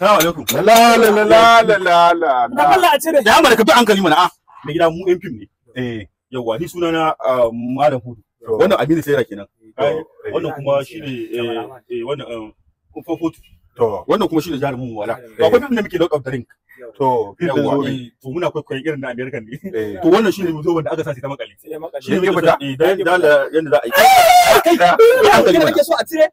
Assalamu alaikum. La la la la la la Da Allah a cire. Da Amara ka bi hankali mana a. Mai gida mu MP ne. Eh. Yawwa ni suna na Malam Hudu. Wannan Aminu Saira kenan. Wannan kuma shine eh wannan Kufo To wannan kuma shine jarumin wala. To akwai film da muke Lord of To film da zo To muna irin na American ne. To wannan shine mu wanda aka sa shi ta makale. Shi ne Eh da yanda za a yi. Kai. Ya hankali Kake so a cire?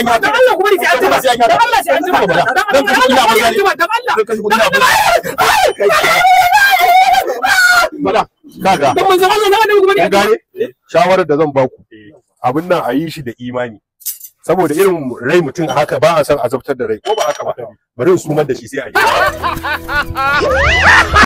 an Allah Allah shawarar da zan baku Abin nan a yi shi da imani. saboda irin rai mutum haka ba a san azabtar da rai ko ba haka ba bari su da shi sai a yi